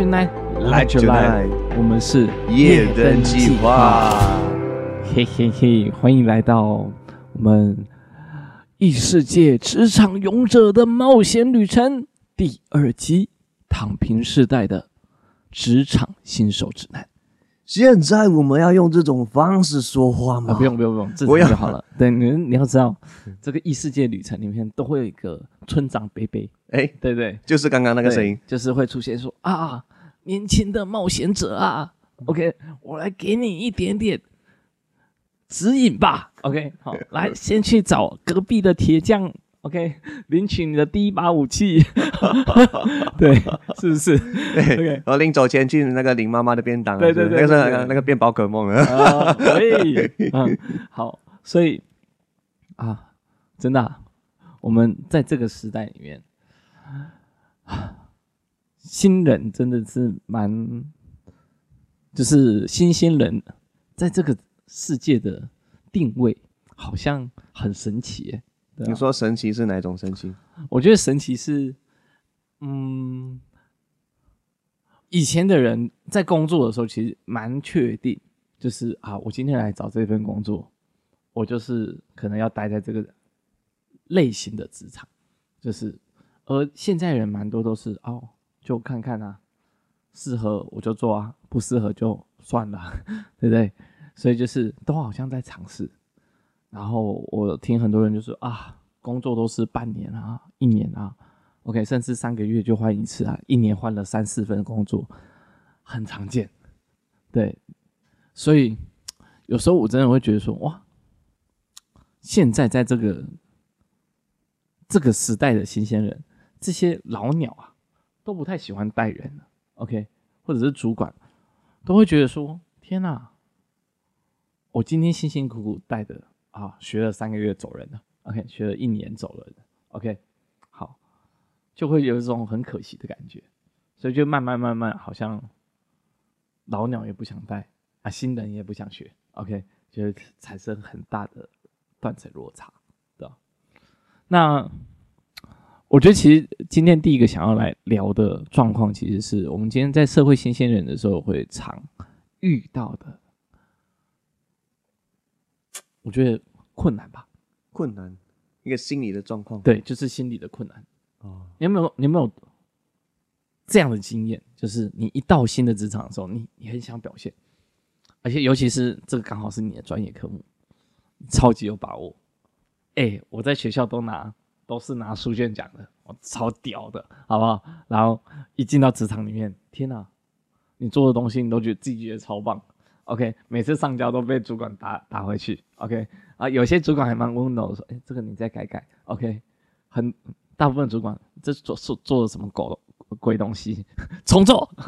來來，我們是夜燈計劃，嘿嘿嘿，歡迎來到我們異世界職場勇者的冒險旅程第二集《躺平世代》的職場新手指南。現在我們要用這種方式說話嗎？不用不用不用，正常就好了。對，你，你要知道， 這個異世界旅程裡面都會有一個村長伯伯。哎、欸，對，對對，就是剛剛那個聲音，就是會出現說啊，年輕的冒險者啊、嗯、，OK，我來給你一點點指引吧。 OK，好，來先去找隔壁的鐵匠。OK，領取你的第一把武器， 對，是不是？OK 然後臨走前去那個林媽媽的便當是是，對對對，對對對，那個、那個、那個變寶可夢了，可以。嗯，好，所以啊，真的、啊，我們在這個時代裡面，啊、新人真的是蠻，就是新鮮人在這個世界的定位，好像很神奇、欸。啊、你說神奇是哪一種神奇？我覺得神奇是，嗯，以前的人在工作的時候，其實蠻確定，就是啊，我今天來找這份工作，我就是可能要待在這個類型的職場，就是，而現在人蠻多都是哦，就看看啊，適合我就做啊，不適合就算了，對不對？所以就是都好像在嘗試。然後我聽很多人就說啊，工作都是半年啊、一年啊，OK，甚至三個月就換一次啊，一年換了三四份工作，很常見。對，所以有時候我真的會覺得說，哇，現在在這個這個時代的新鮮人，這些老鳥啊，都不太喜歡帶人，OK，或者是主管都會覺得說，天哪，我今天辛辛苦苦帶的。啊，學了三個月走人了，OK，學了一年走人了，OK，好，就會有一種很可惜的感覺，所以就慢慢慢慢，好像老鳥也不想帶啊，新人也不想學，OK，就是產生很大的斷層落差的，對吧？那我覺得，其實今天第一個想要來聊的狀況，其實是我們今天在社會新鮮人的時候會常遇到的。我覺得困難吧，困難，一個心理的狀況。對，就是心理的困難。哦，你有沒有，你有沒有這樣的經驗？就是你一到新的職場的時候，你你很想表現，而且尤其是這個剛好是你的專業科目，你超級有把握。哎，我在學校都拿，都是拿書卷獎的，我超屌的，好不好？然後一進到職場裡面，天哪，你做的東西，你都覺得自己覺得超棒。OK，每次上交都被主管打打回去。OK，啊，有些主管還蠻溫柔，說：“哎、欸，這個你再改改。”OK，很大部分主管，這是做做做了什麼狗鬼東西，重做。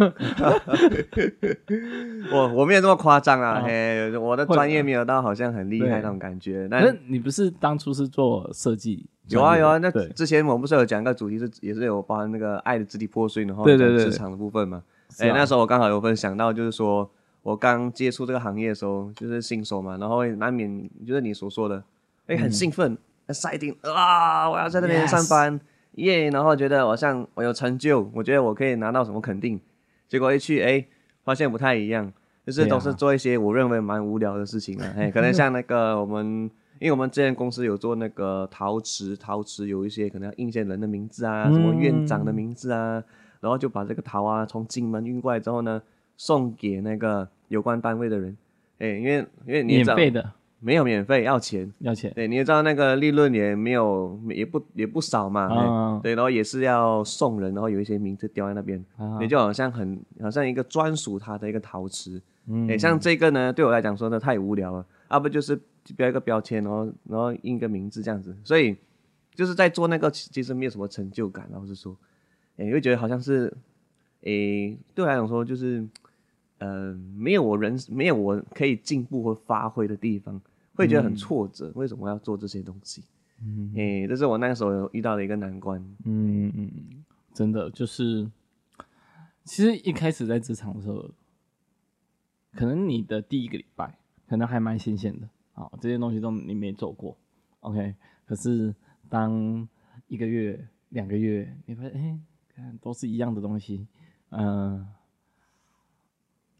我我沒有那麼誇張啊，嘿、啊欸，我的專業沒有到好像很厲害那種感覺。對但那你不是當初是做設計？對有啊有啊，那之前我不是有講一個主題是，是對對也是有包含那個愛的支離破碎，然後對對對，職場的部分嘛。哎、啊欸，那時候我剛好有分享到，就是說。我剛接觸這個行業的時候，就是新手嘛，然後難免就是你所說的，哎，很興奮，exciting，、嗯、啊，我要在那邊上班，耶，Yes. yeah, 然後覺得我像我有成就，我覺得我可以拿到什麼肯定，結果一去，哎，發現不太一樣，就是都是做一些我認為蠻無聊的事情。哎、啊啊，可能像那個我們， 因為我們之前公司有做那個陶瓷，陶瓷有一些可能要印一些人的名字啊，嗯、什麼院長的名字啊，然後就把這個陶啊從金門運過來之後呢，送給那個。有關單位的人，誒因為因為你免費的沒有免費，要錢，要錢，對，你也知道那個利潤也沒有，也不也不少嘛。哦哦哦，對，然後也是要送人，然後有一些名字雕在那邊，你、哦哦、就好像很好像一個專屬他的一個陶瓷，哎、嗯，像這個呢，對我來講說呢太無聊了，要、啊、不就是標一個標籤，然後然後印一個名字這樣子，所以就是在做那個其實沒有什麼成就感、啊，然後是說，哎，又覺得好像是，哎，對我來講說就是。嗯、呃，沒有我人，沒有我可以進步和發揮的地方，會覺得很挫折。嗯、為什麼我要做這些東西？嗯，這是我那個時候遇到的一個難關。嗯嗯嗯，嗯真的就是，其實一開始在職場的時候，可能你的第一個禮拜可能還蠻新鮮的，好、哦，這些東西都你沒做過，OK。可是當一個月、兩個月，你發現哎，都是一樣的東西，嗯、呃。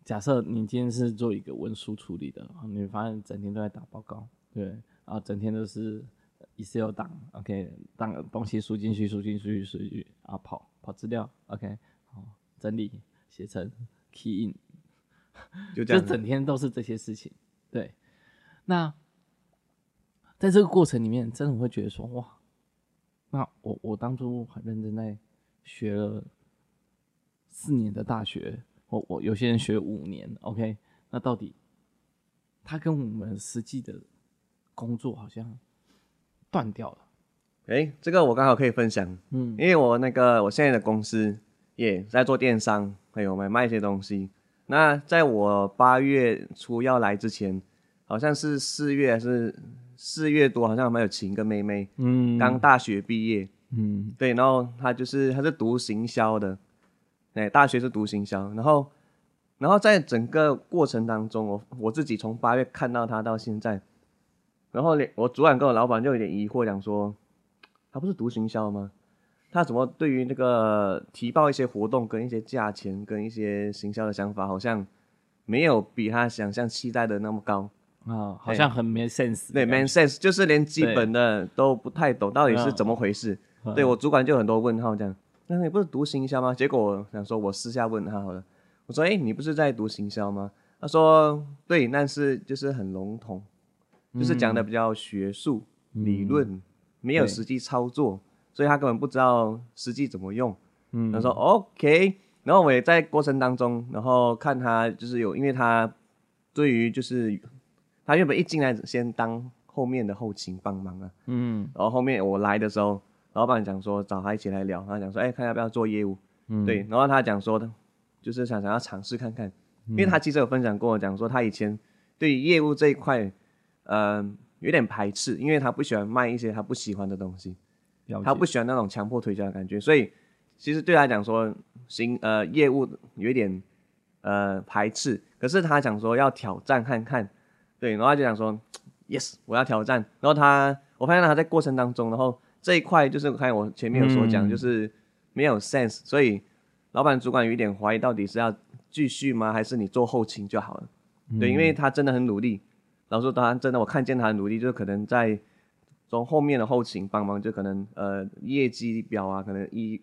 假設你今天是做一個文書處理的，你發現整天都在打報告，對，然後整天都是 Excel 檔，OK，檔東西輸進去，輸進去，輸進去，啊，跑跑資料，OK，哦，整理寫成 key in，就這樣子，就整天都是這些事情，對。那在這個過程裡面，真的會覺得說哇，那我我當初很認真在學了四年的大學，我我有些人學五年，OK，那到底他跟我們實際的工作好像斷掉了。誒、欸，這個我剛好可以分享，嗯，因為我那個我現在的公司也、yeah, 在做電商，還、欸、我買賣一些東西。那在我八月初要來之前，好像是四月，還是四月多，好像還有請個妹妹，嗯，剛大學畢業，嗯，對，然後他就是他是讀行銷的。對、欸，大學是讀行銷，然後，然後在整個過程當中，我我自己從八月看到他到現在，然後連我主管跟我老闆就有點疑惑，講說，他不是讀行銷嗎？他怎麼對於那個提報一些活動跟一些價錢跟一些行銷的想法，好像沒有比他想象期待的那麼高啊、哦？好像很沒 sense、欸。對，沒 sense，就是連基本的都不太懂，對到底是怎麼回事？嗯、對我主管就很多問號這樣。但是你不是讀行銷嗎？結果我想說，我私下問他好了。我說：“誒，你不是在讀行銷嗎？”他說：“對，但是就是很籠統，嗯、就是講的比較學術、嗯、理論，沒有實際操作，對所以他根本不知道實際怎麼用。嗯”他說、嗯、：“OK。”然後我也在過程當中，然後看他就是有，因為他對於就是他原本一進來先當後面的後勤幫忙啊。嗯。然後後面我來的時候。老闆講說找他一起來聊，他講說哎，欸、看，看要不要做業務，嗯、對，然後他講說的，就是想想要嘗試看看，因為他其實有分享過講說他以前對於業務這一塊，呃，有點排斥，因為他不喜歡賣一些他不喜歡的東西，了解。他不喜歡那種強迫推銷的感覺，所以其實對他講說行，呃，業務有一點呃排斥，可是他講說要挑戰看看，對，然後他就講說 yes，我要挑戰，然後他，我發現他在過程當中，然後。這一塊就是看我前面有所講，就是沒有 sense，、嗯、所以老板主管有一點懷疑，到底是要繼續嗎？還是你做後勤就好了？嗯、對，因為他真的很努力，老實說，當然真的我看見他的努力，就是可能在從後面的後勤幫忙，就可能呃業績表啊，可能一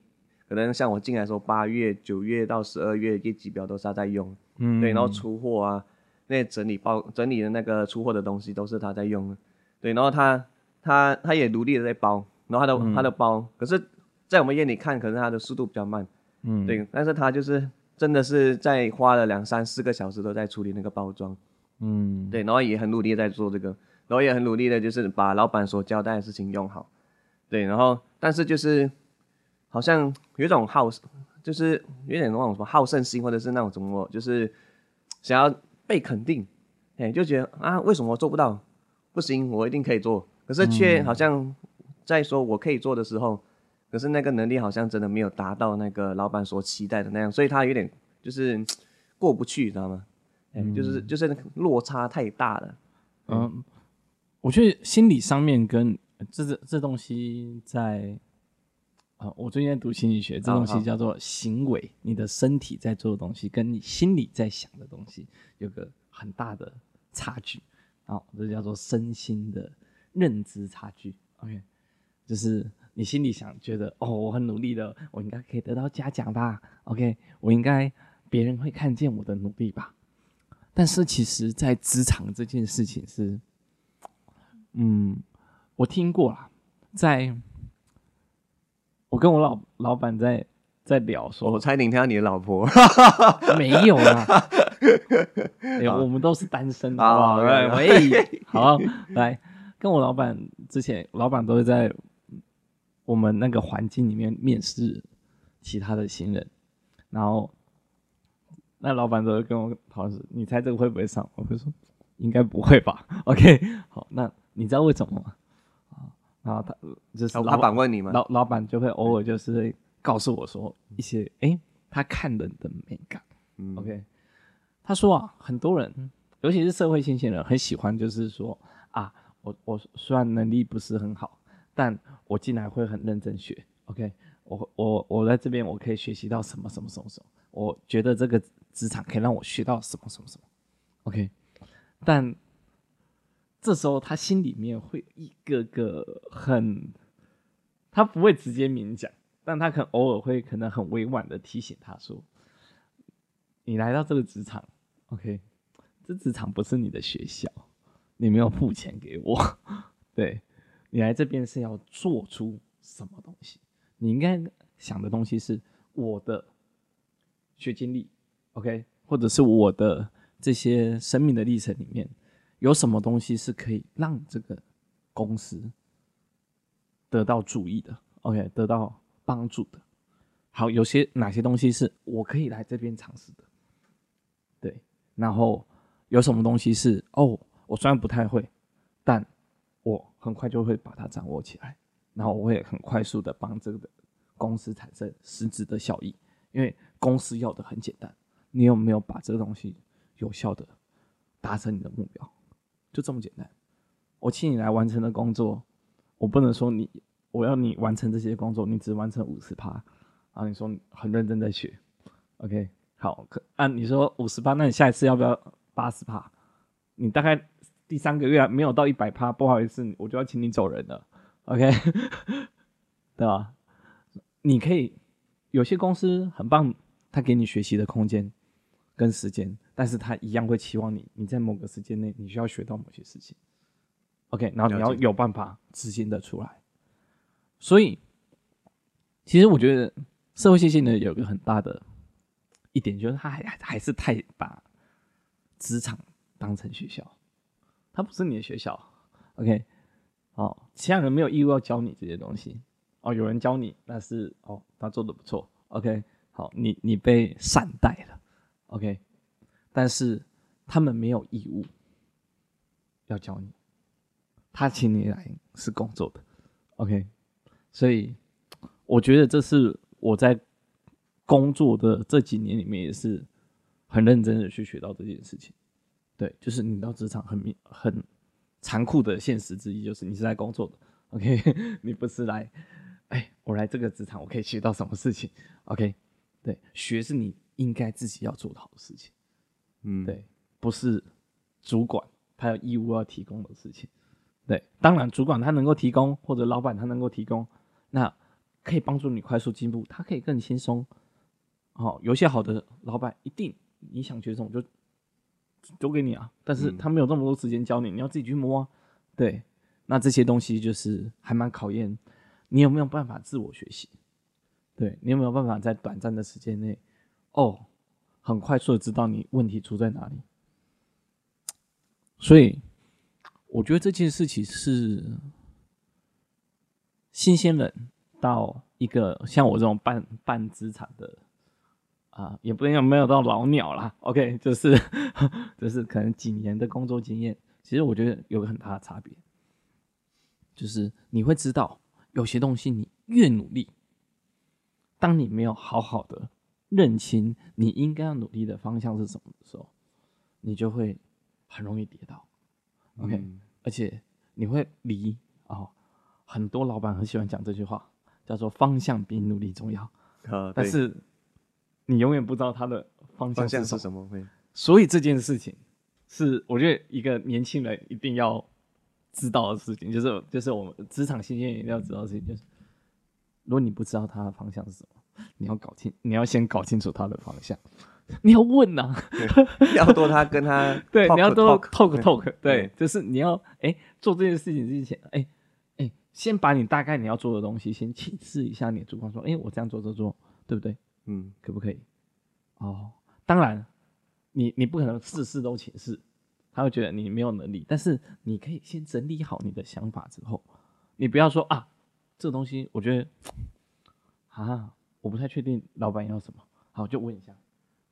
可能像我進來的時候，八月、九月到十二月業績表都是他在用，嗯、對，然後出貨啊，那整理包整理的那個出貨的東西都是他在用的，對，然後他他他也努力的在包。然後他的、嗯、他的包，可是，在我們眼裡看，可是他的速度比較慢，嗯，對。但是他就是真的是在花了兩三四個小時都在處理那個包裝，嗯，對。然後也很努力在做這個，然後也很努力的就是把老闆所交代的事情用好，對。然後但是就是好像有一種好，就是有點那種什麼好勝心，或者是那種什麼就是想要被肯定，哎，就覺得啊為什麼我做不到？不行，我一定可以做。可是卻好像。在說我可以做的時候，可是那個能力好像真的沒有達到那個老闆所期待的那樣，所以他有點就是過不去，知道嗎？嗯嗯、就是就是落差太大了。嗯，嗯，我覺得心理上面跟、呃、這這這東西在、呃、我最近在讀心理學，這東西叫做行為，啊、你的身體在做的東西跟你心裡在想的東西有個很大的差距。然後這叫做身心的認知差距。OK。就是你心裡想，覺得哦，我很努力的，我應該可以得到嘉獎吧？OK，我應該別人會看見我的努力吧？但是其實，在職場這件事情是，嗯，我聽過了，在我跟我老老板在在聊說，說我差點聽到你的老婆， 沒有啦，欸，我們都是單身的， 好不好？好，來跟我老闆之前，老闆都是在。我們那個環境裡面面試其他的新人，然後那老板就會跟我討論說：“你猜這個會不會上？”我會說：“應該不會吧。”OK，好，那你知道為什麼嗎？啊，然後他就是老，老板問你們，老老板就會偶爾就是會告訴我說一些，哎、嗯，他看人的美感。嗯、OK，他說啊，很多人尤其是社會新鮮人很喜歡，就是說啊，我我雖然能力不是很好。但我進來會很認真學，OK，我我我在這邊我可以學習到什麼什麼什麼什麼，我覺得這個職場可以讓我學到什麼什麼什麼，OK，但這時候他心裡面會一個個很，他不會直接明講，但他可偶爾會可能很委婉的提醒他說，你來到這個職場，OK，這職場不是你的學校，你沒有付錢給我，對。你來這邊是要做出什麼東西？你應該想的東西是我的學經歷，OK，或者是我的這些生命的歷程裡面有什麼東西是可以讓這個公司得到注意的，OK，得到幫助的。好，有些哪些東西是我可以來這邊嘗試的？對，然後有什麼東西是哦，我雖然不太會，但。很快就會把它掌握起來，然後我也很快速的幫這個公司產生實質的效益，因為公司要的很簡單，你有沒有把這個東西有效的達成你的目標，就這麼簡單。我請你來完成的工作，我不能說你，我要你完成這些工作，你只完成五十趴，啊。你說你很認真的學，OK，好，可、啊、你說五十趴，那你下一次要不要八十趴？你大概。第三個月、啊、沒有到一百趴，不好意思，我就要請你走人了。OK， 對吧？你可以有些公司很棒，他給你學習的空間跟時間，但是他一樣會期望你，你在某個時間內你需要學到某些事情。OK，然後你要有辦法執行的出來。所以，其實我覺得社會現象呢，有一個很大的一點，就是他還還是太把職場當成學校。他不是你的學校，OK，好，其他人沒有義務要教你這些東西，哦，有人教你，但是哦，他做的不錯，OK，好，你你被善待了，OK，但是他們沒有義務要教你，他請你來是工作的，OK，所以我覺得這是我在工作的這幾年裡面也是很認真的去學到這件事情。對，就是你到職場很明很殘酷的現實之一，就是你是在工作的。OK， 你不是來，哎，我來這個職場，我可以學到什麼事情？OK，對，學是你應該自己要做的好的事情。嗯，對，不是主管他有義務要提供的事情。對，當然，主管他能夠提供或者老闆他能夠提供，那可以幫助你快速進步，他可以更輕鬆。好、哦，有些好的老闆一定你想學這種就。交給你啊，但是他沒有這麼多時間教你，嗯、你要自己去摸啊，對，那這些東西就是還蠻考驗你有沒有辦法自我學習。對你有沒有辦法在短暫的時間內，哦，很快速的知道你問題出在哪裡？所以，我覺得這件事情是新鮮人到一個像我這種半半職場的。啊，也不能要，沒有到老鳥啦。OK，就是就是可能幾年的工作經驗，其實我覺得有個很大的差別，就是你會知道有些東西你越努力，當你沒有好好的認清你應該要努力的方向是什麼的時候，你就會很容易跌倒。OK，嗯，而且你會離哦，很多老闆很喜歡講這句話，叫做“方向比努力重要”。呃，對。但是。你永遠不知道他的方向是什麼，什麼，所以這件事情是我覺得一個年輕人一定要知道的事情，就是就是我們職場新人一定要知道的事情就是，如果你不知道他的方向是什麼，你要搞清，你要先搞清楚他的方向， 你要問吶、啊，你要多他跟他 對，你要多 talk talk, talk，對，對就是你要哎、欸、做這件事情之前，哎、欸、哎、欸、先把你大概你要做的東西先請示一下你的主管說，哎、欸、我這樣做做做，對不對？嗯，可不可以？哦、oh，當然，你你不可能事事都請示，他會覺得你沒有能力。但是你可以先整理好你的想法之後，你不要說啊，這個東西我覺得啊，我不太確定老板要什麼，好就問一下。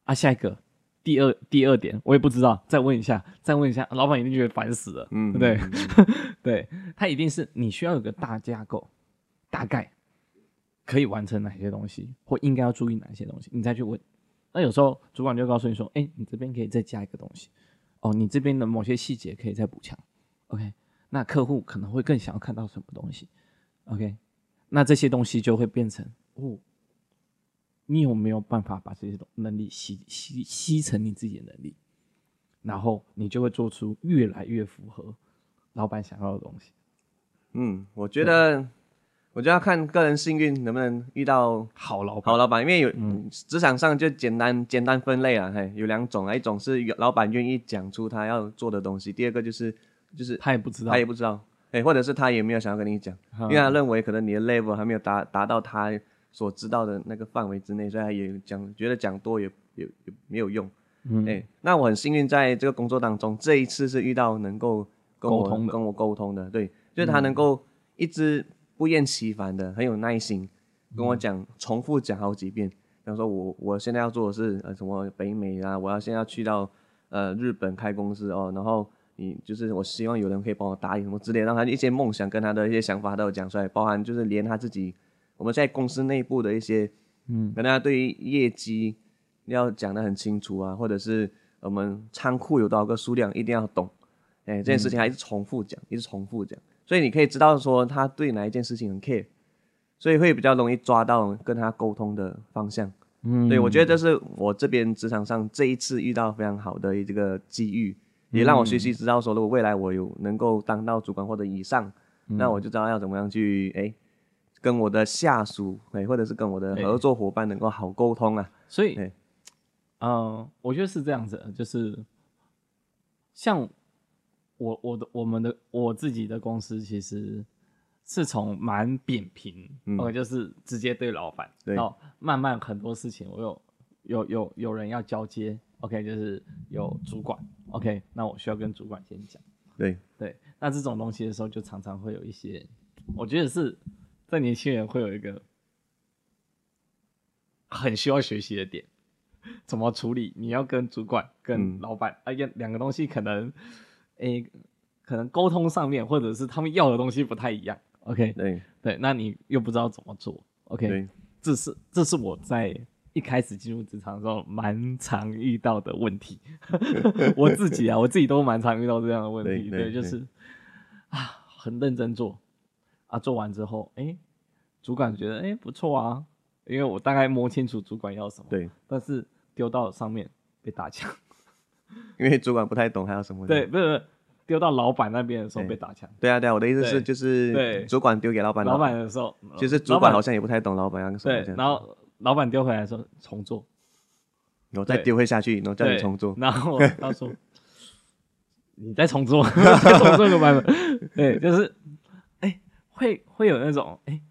啊，下一個，第二第二點我也不知道，再問一下，再問一下，啊、老板一定覺得煩死了，對不、嗯、對？嗯嗯、 對，他一定是你需要有個大架構，大概。可以完成哪些東西，或應該要注意哪些東西，你再去問。那有時候主管就會告訴你說：“誒、欸，你這邊可以再加一個東西，哦，你這邊的某些細節可以再補強。” OK，那客戶可能會更想要看到什麼東西？OK，那這些東西就會變成，哦，你有沒有辦法把這些東能力吸吸吸成你自己的能力？然後你就會做出越來越符合老板想要的東西。嗯，我覺得。我就要看個人幸運能不能遇到好老好老板，因為有職場上就簡單、嗯、簡單分類了、啊，嘿，有兩種啊，一種是老板願意講出他要做的東西，第二個就是就是他也不知道他也不知道、欸，或者是他也沒有想要跟你講，嗯、因為他認為可能你的 level 還沒有達達到他所知道的那個範圍之內，所以他也講覺得講多也也也沒有用，誒、嗯欸，那我很幸運在這個工作當中，這一次是遇到能夠溝通跟我溝通的，對，就是他能夠一直。嗯不厭其煩的，很有耐心，跟我講，嗯、重複講好幾遍。比如說我我現在要做的是呃什麼北美啊，我要現在要去到呃日本開公司哦，然後你就是我希望有人可以幫我打理什麼之類，直接讓他一些夢想跟他的一些想法都講出來，包含就是連他自己，我們在公司內部的一些嗯，跟他對於業績要講得很清楚啊，或者是我們倉庫有多少個數量一定要懂，哎，這件事情還是重複講，一直重複講。嗯所以你可以知道說他對哪一件事情很 care，所以會比較容易抓到跟他溝通的方向。嗯，對，我覺得這是我這邊職場上這一次遇到非常好的一個機遇，嗯、也讓我學習知道說，如果未來我有能夠當到主管或者以上，嗯、那我就知道要怎麼樣去哎、欸、跟我的下屬哎、欸、或者是跟我的合作夥伴能夠好溝通啊。所以，嗯、欸呃，我覺得是這樣子，就是像。我我的我們的我自己的公司其實是從蠻扁平，嗯，okay, 就是直接對老闆，對，然後慢慢很多事情我有有有有人要交接，OK，就是有主管，OK，那我需要跟主管先講，對對，那這種東西的時候就常常會有一些，我覺得是在年輕人會有一個很需要學習的點，怎麼處理？你要跟主管跟老闆，哎呀、嗯呃，兩個東西可能。哎，可能溝通上面，或者是他們要的東西不太一樣。OK，對、欸、對，那你又不知道怎麼做。OK，、欸、這是這是我在一開始進入職場的時候蠻常遇到的問題。 我自己啊， 我自己都蠻常遇到這樣的問題。欸、對，就是、欸、啊，很認真做，啊，做完之後，哎、欸，主管覺得哎、欸、不錯啊，因為我大概摸清楚主管要什麼。欸、但是丟到上面被打槍。因為主管不太懂，還有什麼？對，不是，丟到老闆那邊的時候被打槍。哎、對啊，對啊，我的意思是，就是主管丟給老闆老，老闆的時候，其實主管好像也不太懂老闆要什麼。對，然後老闆丟回來的時候重做，然後再丟回下去，對然後叫你重做。然後他說：“ 你再重做， 再重做一個版本。” 對，就是，哎，會會有那種，哎，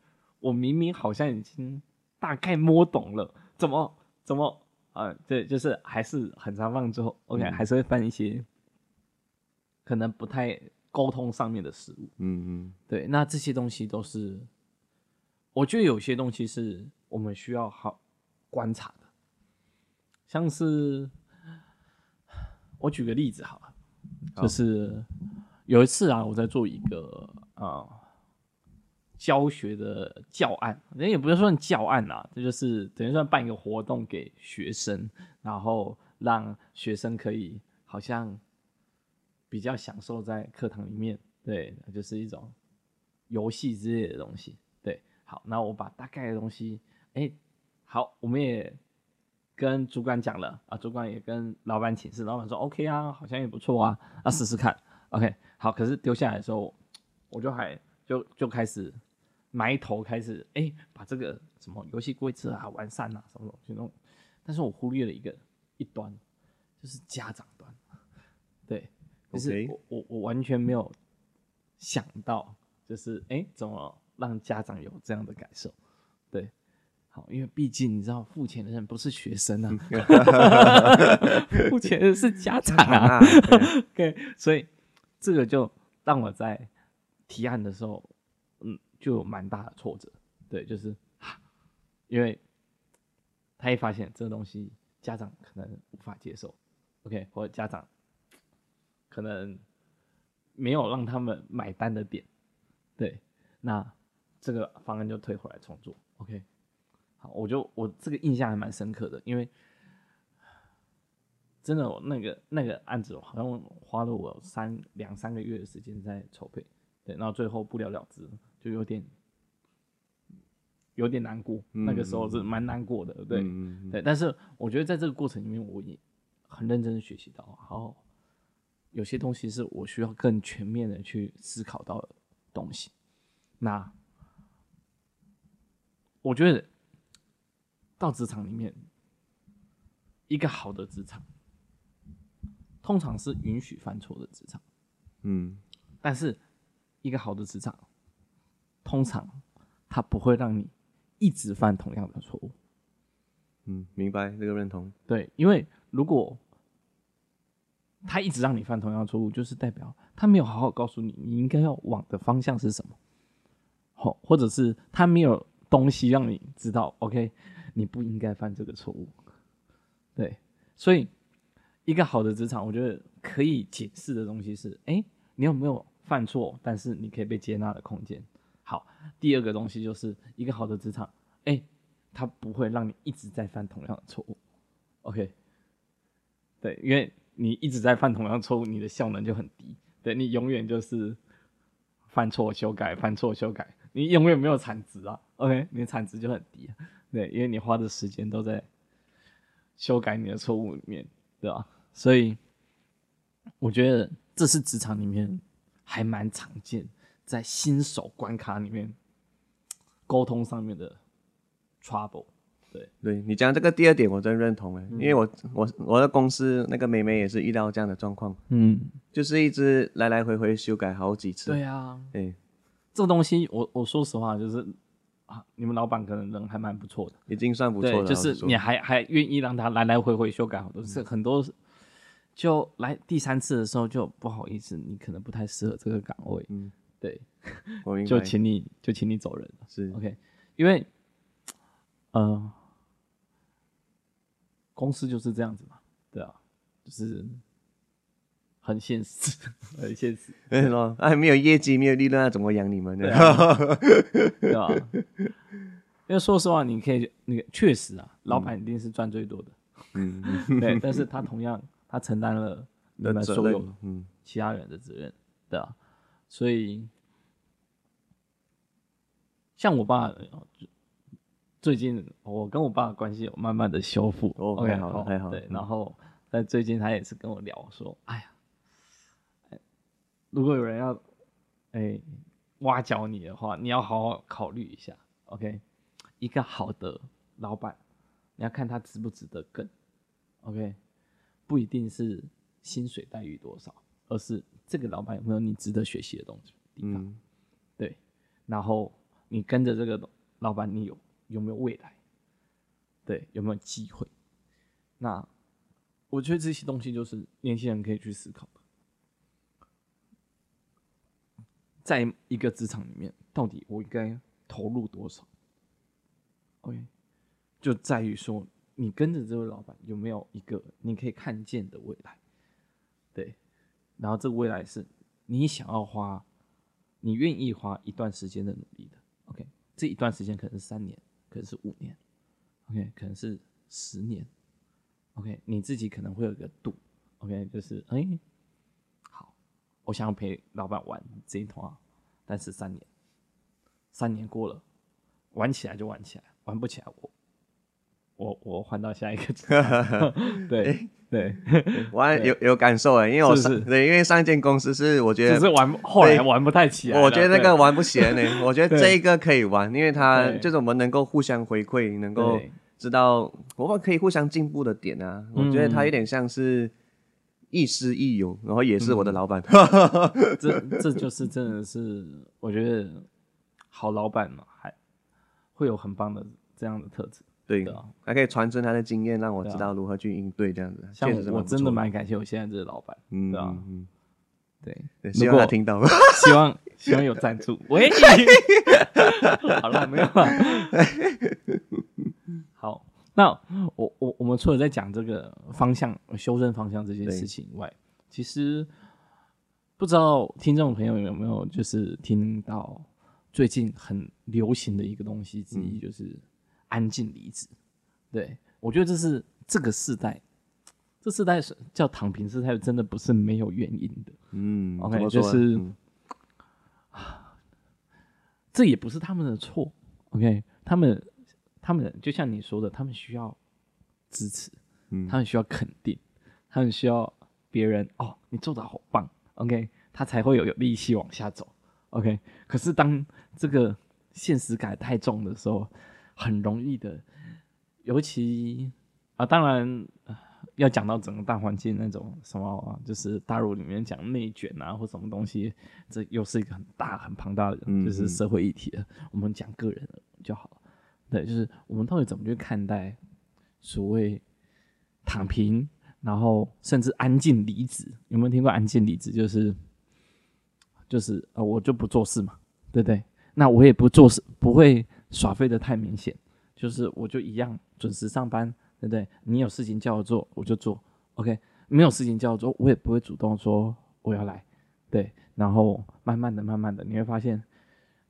我明明好像已經大概摸懂了，怎麼怎麼？嗯、呃，對，就是還是很常忘之後 OK 還是會犯一些可能不太溝通上面的失誤。嗯嗯哼，對，那這些東西都是，我覺得有些東西是我們需要好觀察的，像是我舉個例子好了，就是有一次啊，我在做一個啊。哦哦教學的教案，人家也不是算教案啦，啊，這就是等於算辦一個活動給學生，然後讓學生可以好像比較享受在課堂裡面，對，就是一種遊戲之類的東西，對，好，那我把大概的東西，哎，欸，好，我們也跟主管講了啊，主管也跟老闆請示，老闆說 OK 啊，好像也不錯啊，那試試看，OK，好，可是丟下來的時候，我就還就就開始。埋頭開始，哎，把這個什麼遊戲規則啊完善啊什麼什麼，但是我忽略了一個一端，就是家長端。對，可，就是我 Okay. 我我完全沒有想到，就是哎，怎麼讓家長有這樣的感受？誒對，好，因為畢竟你知道，付錢的人不是學生啊，付錢的是家長，啊、家長啊。對，Okay, 所以這個就讓我在提案的時候。就有蠻大的挫折，對，就是，哈，因為，他一發現這個東西，家長可能無法接受，OK，或者家長，可能，沒有讓他們買單的點，對，那這個方案就退回來重做，OK，好，我就我這個印象還蠻深刻的，因為，真的我那個那個案子，好像花了我三兩三個月的時間在籌備，對，然後最後不了了之。就有點有點難過，嗯嗯，那個時候是蠻難過的，嗯嗯，對，嗯嗯嗯對。但是我覺得在這個過程裡面，我也很認真的學習到，然後有些東西是我需要更全面的去思考到的東西。那我覺得到職場裡面，一個好的職場，通常是允許犯錯的職場，嗯。但是一個好的職場。通常他不會讓你一直犯同樣的錯誤。嗯，明白這個認同。對，因為如果他一直讓你犯同樣的錯誤，就是代表他沒有好好告訴你，你應該要往的方向是什麼。好，或者是他沒有東西讓你知道，OK，你不應該犯這個錯誤。對，所以一個好的職場，我覺得可以解釋的東西是，哎，你有沒有犯錯，但是你可以被接納的空間。好，第二個東西就是一個好的職場，哎、欸，它不會讓你一直在犯同樣的錯誤，OK？對，因為你一直在犯同樣錯誤，你的效能就很低。對，你永遠就是犯錯修改，犯錯修改，你永遠沒有產值啊，OK？你的產值就很低。對，因為你花的時間都在修改你的錯誤裡面，對吧？所以我覺得這是職場裡面還蠻常見的。在新手關卡裡面，溝通上面的 trouble，對，對你講這個第二點，我真認同哎，嗯、因為我我我的公司那個妹妹也是遇到這樣的狀況，嗯，就是一直來來回回修改好幾次，對啊，哎對，這個東西我我說實話就是啊，你們老闆可能人還蠻不錯的，已經算不錯了，就是你還還願意讓他來來回回修改好多次，嗯、很多就來第三次的時候就不好意思，你可能不太適合這個崗位，嗯。對，我明 就請你就請你走人了。是 OK，因為，嗯、呃，公司就是這樣子嘛。對啊，就是很現實，很現實。哎、啊，沒有業績，沒有利潤，那怎麼養你們呢？對、啊？對吧、啊？對啊、 因為說實話，你可以，那個確實啊，老闆一定是賺最多的。嗯， 對。但是他同樣，他承擔了你們所有嗯其他人的責任。對啊。所以，像我爸，最近我跟我爸的關係有慢慢的修復、哦。OK，好、oh, 好。對，然後，但最近他也是跟我聊說，哎呀，如果有人要，哎、欸，挖角你的話，你要好好考慮一下。OK，一個好的老闆，你要看他值不值得跟。OK，不一定是薪水待遇多少，而是。這個老板有沒有你值得學習的東西？地方、嗯、對，然後你跟着這個老板，你有有沒有未來？對，有沒有機會？那我覺得這些東西就是年輕人可以去思考，在一個職場裡面，到底我應該投入多少？OK，就在於說你跟着這位老板有沒有一個你可以看見的未來？對。然後這個未來是你想要花，你願意花一段時間的努力的，OK，這一段時間可能是三年，可能是五年，OK，可能是十年，OK，你自己可能會有一個度，OK，就是哎、嗯，好，我想要陪老闆玩這一套啊，但是三年，三年過了，玩起來就玩起來，玩不起來我。我我換到下一個，對對，我還有有感受哎，因為我是對，因為上一間公司是我覺得只是玩後來玩不太起來，我覺得那個玩不起來呢，我覺得這一個可以玩，因為他就是我們能夠互相回饋，能夠知道我們可以互相進步的點啊，我覺得他有點像是亦師亦友，然後也是我的老闆，這這就是真的是我覺得好老闆嘛，還會有很棒的這樣的特質。對，還可以傳承他的經驗，讓我知道如何去應對這樣子，像我真的蠻感謝我現在這個老板，老闆嗯吧？對，希望他聽到，希望 希望有贊助，我也去。好了，沒有了。好，那我我我們除了在講這個方向修正方向這件事情以外，對其實不知道聽眾朋友有沒有就是聽到最近很流行的一個東西之一，嗯、就是。安靜離職，對，我覺得這是這個世代，這世代是叫躺平世代，真的不是沒有原因的。嗯，OK，就是、嗯啊、這也不是他們的錯。OK，他們他們就像你說的，他們需要支持，嗯、他們需要肯定，他們需要別人哦，你做的好棒。OK，他才會有有力氣往下走。OK，可是當這個現實感太重的時候。很容易的，尤其啊，當然，呃，要講到整個大環境那種什麼，啊，就是大陸裡面講內卷啊，或什麼東西，這又是一個很大、很龐大的就是社會議題了。嗯哼。我們講個人就好了，對，就是我們到底怎麼去看待所謂躺平，然後甚至安靜離職？有沒有聽過安靜離職？就是就是啊，呃，我就不做事嘛，對不對？那我也不做事，不會。耍廢的太明顯，就是我就一樣準時上班，對不對？你有事情叫我做，我就做。OK，沒有事情叫我做，我也不會主動說我要來。對，然後慢慢的、慢慢的，你會發現，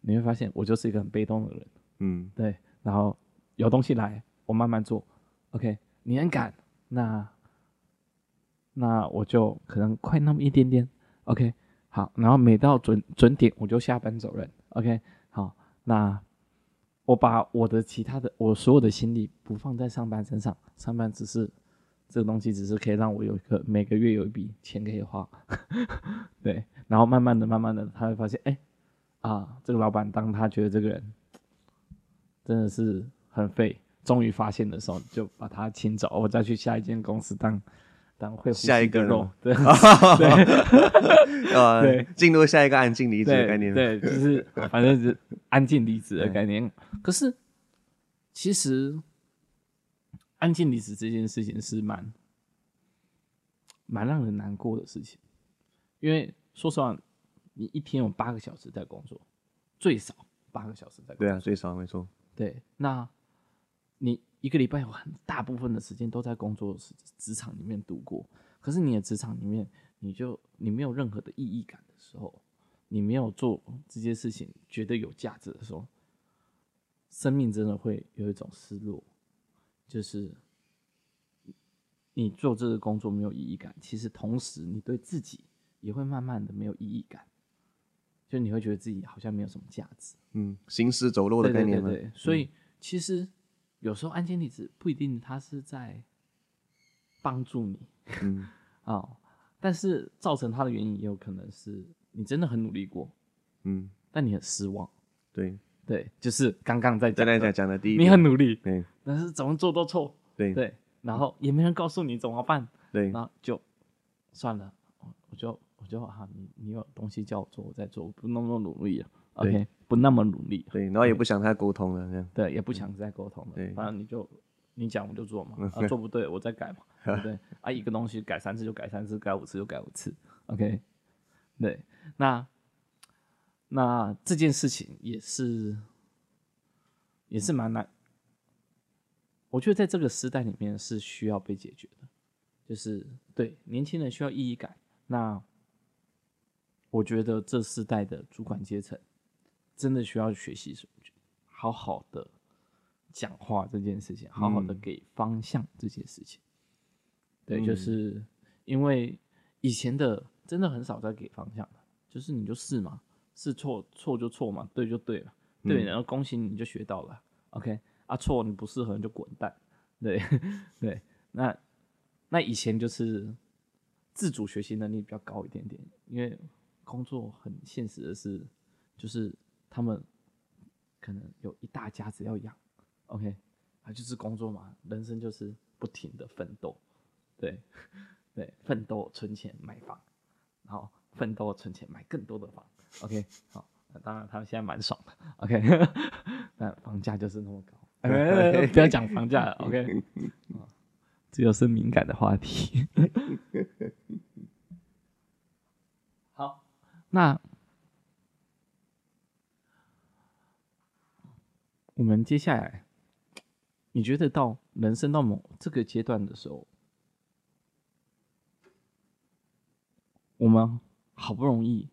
你會發現我就是一個很被動的人。嗯，對。然後有東西來，我慢慢做。OK，你很趕，那那我就可能快那麼一點點。OK，好。然後每到準準點，我就下班走人。OK，好。那我把我的其他的，我所有的心力不放在上班身上，上班只是這個東西，只是可以讓我有一個每個月有一筆錢可以花， 對，然後慢慢的、慢慢的，他會發現，哎，啊，這個老闆當他覺得這個人真的是很廢，終於發現的時候，就把他請走，我再去下一間公司當。肉下一個對， 對，進、啊、對入下一個安靜離職的概念對，對，就是反正是安靜離職的概念。對可是其實安靜離職這件事情是蠻蠻讓人難過的事情，因為說實話，你一天有八個小時在工作，最少八個小時在工作，對啊，最少沒錯。對，那你。一個禮拜有很大部分的時間都在工作職職場裡面度過，可是你的職場裡面，你就你沒有任何的意義感的時候，你沒有做這些事情覺得有價值的時候，生命真的會有一種失落，就是你做這個工作沒有意義感，其實同時你對自己也會慢慢的沒有意義感，就你會覺得自己好像沒有什麼價值，嗯，行屍走肉的概念對，對，對，所以其實。嗯有時候，安靜離職不一定他是在幫助你，嗯，啊、哦，但是造成他的原因也有可能是你真的很努力過，嗯，但你很失望，對對，就是剛剛在講講的，的第一，你很努力，對，但是怎麼做都錯，對對，然後也沒人告訴你怎麼辦，對，然後就算了，我就我就哈、啊，你你有東西叫我做，我再做，我能不那麼那麼努力了。OK，對不那麼努力，對，對，然後也不想再溝通了，對，樣對，也不想再溝通了，對，反正你就你講我就做嘛， 啊，做不對，我再改嘛， 對，啊，一個東西改三次就改三次，改五次就改五次 ，OK，對，那那這件事情也是也是蠻難，嗯、我覺得在這個時代裡面是需要被解決的，就是對，年輕人需要意義感。那我覺得這世代的主管階層。真的需要學習好好的講話這件事情，好好的給方向這件事情。嗯、對，就是因為以前的真的很少在給方向，就是你就試嘛，是錯，錯就錯嘛，對就對了，對，然後恭喜你就學到了。嗯、OK，啊錯你不適合就滾蛋。對 對，那那以前就是自主學習能力比較高一點點，因為工作很現實的是，就是。他們可能有一大家子要養，OK，啊就是工作嘛，人生就是不停的奮鬥，對，對，奮鬥存錢買房，然後奮鬥存錢買更多的房，OK，好，當然他們現在蠻爽的，OK， 但房價就是那麼高，欸欸欸欸 不要講房價了，OK，只 有是敏感的話題， 好，那。我們接下來，你覺得到人生到某這個階段的時候，我們好不容易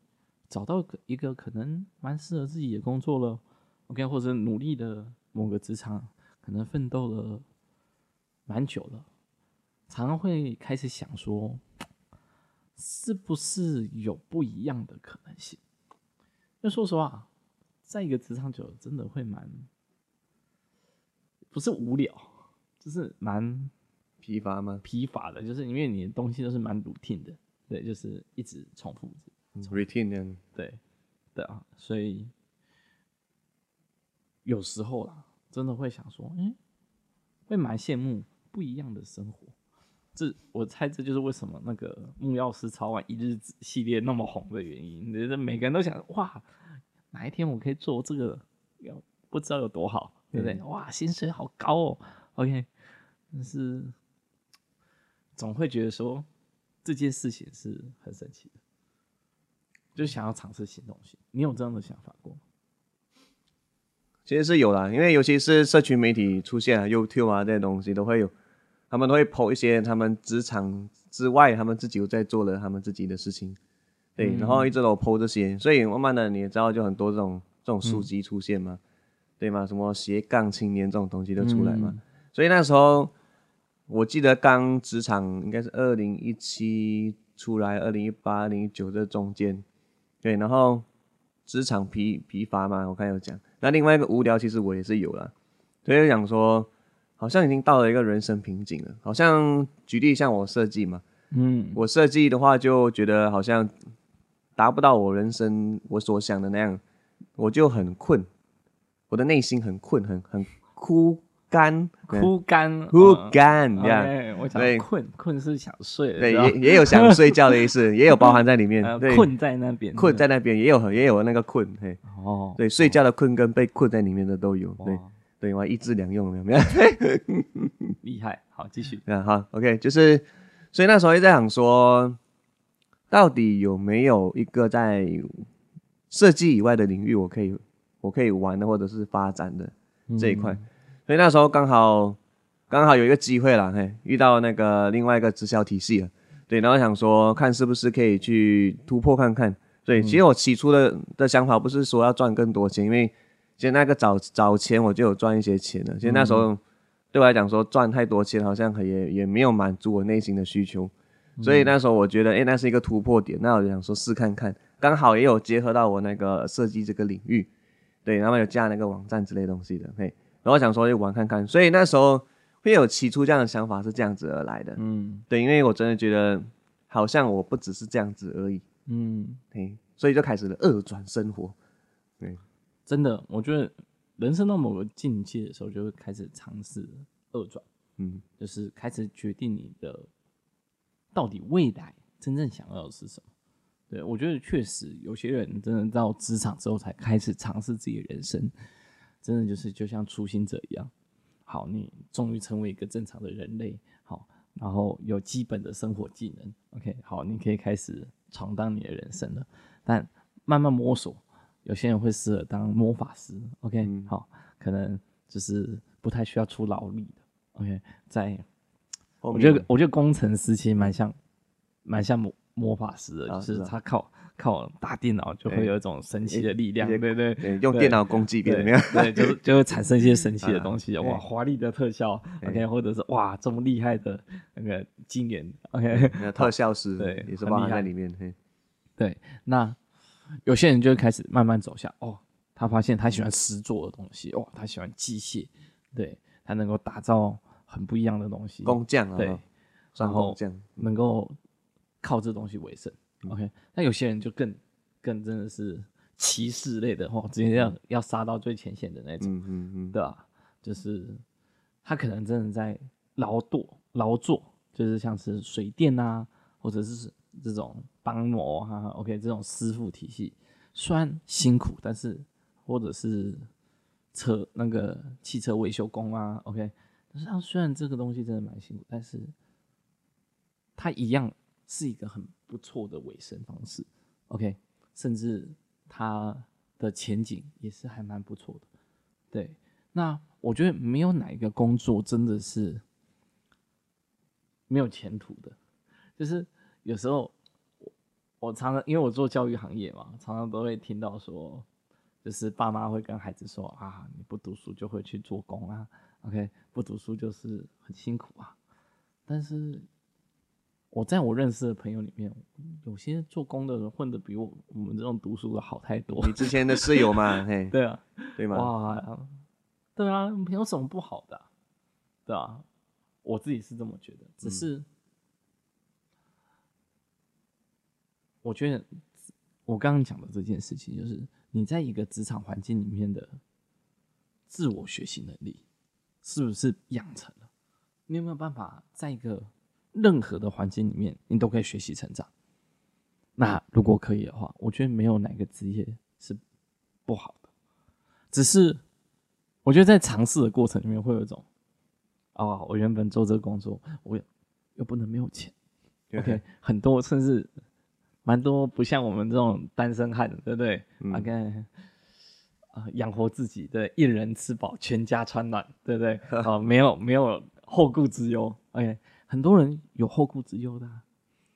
找到一個可能蠻適合自己的工作了，OK，或者努力的某個職場，可能奮鬥了蠻久了，常常會開始想說，是不是有不一樣的可能性？那說實話，在一個職場久了，真的會蠻。不是無聊，就是蠻疲，疲乏嗎？疲乏的，就是因為你的東西都是蠻 routine 的，對，就是一直重複着。routine，嗯，對，對啊，所以有時候啦，真的會想說，哎，嗯，會蠻羨慕不一樣的生活。這我猜這就是為什麼那個木曜四超玩一日系列那麼紅的原因。覺得每個人都想，哇，哪一天我可以做這個，要不知道有多好。對不對？哇，薪水好高哦。OK，但是總會覺得說這件事情是很神奇的，就想要嘗試新東西。你有這樣的想法過嗎？其實是有啦，因為尤其是社群媒體出現了，啊，YouTube 啊這些東西都會有，他們都會 PO 一些他們職場之外他們自己又在做的他們自己的事情，對。嗯。然後一直都有 PO 這些，所以慢慢的你也知道就很多這種這種書籍出現嘛。嗯。對嗎？什麼斜槓青年這種東西都出來嘛？嗯、所以那時候，我記得剛職場應該是二零一七出來，二零一八、二零一九這中間，對，然後職場疲疲乏嘛，我看有講。那另外一個無聊，其實我也是有啦，所以想說好像已經到了一個人生瓶頸了。好像舉例像我設計嘛，嗯，我設計的話就覺得好像達不到我人生我所想的那樣，我就很困。我的內心很困，很很枯乾，枯乾，枯乾，這樣。對，困困是想睡，對，也也有想睡覺的意思，也有包含在裡面。困在那邊，困在那邊也有也有那個困。嘿，對，睡覺的困跟被困在裡面的都有。對，對，我一字兩用，有沒有？厲害，好，繼續。嗯，好，OK，就是，所以那時候一直在想說，到底有沒有一個在設計以外的領域，我可以。我可以玩的或者是發展的這一塊，所以那時候剛好剛好有一個機會了，嘿，遇到那個另外一個直銷體系了，對，然後想說看是不是可以去突破看看。對，其實我起初的的想法不是說要賺更多錢，因為其實那個早早前我就有賺一些錢了。其實那時候對我來講說賺太多錢好像也也沒有滿足我內心的需求，所以那時候我覺得，誒，那是一個突破點，那我就想說試看看，剛好也有結合到我那個設計這個領域。對，然後有加那個網站之類的東西的，嘿，然後想說就玩看看，所以那時候會有起初這樣的想法是這樣子而來的，嗯，對，因為我真的覺得好像我不只是這樣子而已，嗯，嘿，所以就開始了二轉生活，對，真的，我覺得人生到某個境界的時候，就會開始嘗試二轉，嗯，就是開始決定你的到底未來真正想要的是什麼。對，我覺得確實有些人真的到職場之後才開始嘗試自己的人生，真的就是就像初心者一樣。好，你終於成為一個正常的人類，好，然後有基本的生活技能。OK，好，你可以開始闖蕩你的人生了。但慢慢摸索，有些人會適合當魔法師。OK，、嗯、好，可能就是不太需要出勞力的。OK，在我覺得，我覺得工程師其實蠻像，蠻像魔。魔法師就是他靠靠打電腦就會有一種神奇的力量，對對，對，用電腦攻擊別人，對，就就會產生一些神奇的東西。哇，華麗的特效，OK，或者是哇這麼厲害的那個經驗，OK，特效師對，也是包含在裡面。對，那有些人就會開始慢慢走向哦，他發現他喜歡實作的東西，哇，他喜歡機械，對，他能夠打造很不一樣的東西，工匠啊，對，然後能夠。靠這東西為生、嗯、，OK？那有些人就更更真的是騎士類的話，直接要要殺到最前線的那種，嗯、哼哼對吧？就是他可能真的在勞作勞作，就是像是水電啊，或者是這種板模哈，OK？這種師傅體系雖然辛苦，但是或者是車那個汽車維修工啊，OK？但是他雖然這個東西真的蠻辛苦，但是他一樣。是一個很不錯的維生方式，OK，甚至它的前景也是還蠻不錯的。對，那我覺得沒有哪一個工作真的是沒有前途的，就是有時候我我常常因為我做教育行業嘛，常常都會聽到說，就是爸媽會跟孩子說啊，你不讀書就會去做工啊，OK，不讀書就是很辛苦啊，但是。我在我認識的朋友裡面，有些做工的人混得比我我們這種讀書的好太多。你之前的室友嘛，哎， 對啊，對嗎？哇，對啊，沒有什麼不好的啊？對啊，我自己是這麼覺得。只是我覺得我剛剛講的這件事情，就是你在一個職場環境裡面的自我學習能力是不是養成了？你有沒有辦法在一個任何的環境裡面，你都可以學習成長。那如果可以的話，我覺得沒有哪個職業是不好的，只是我覺得在嘗試的過程裡面，會有一種啊、哦，我原本做這個工作，我又不能沒有錢。對 OK，很多甚至蠻多不像我們這種單身漢，對不對？啊養、嗯 okay, 呃、活自己的一人吃飽，全家穿暖，對不對？啊， 沒有沒有後顧之憂。OK。很多人有後顧之憂的啊，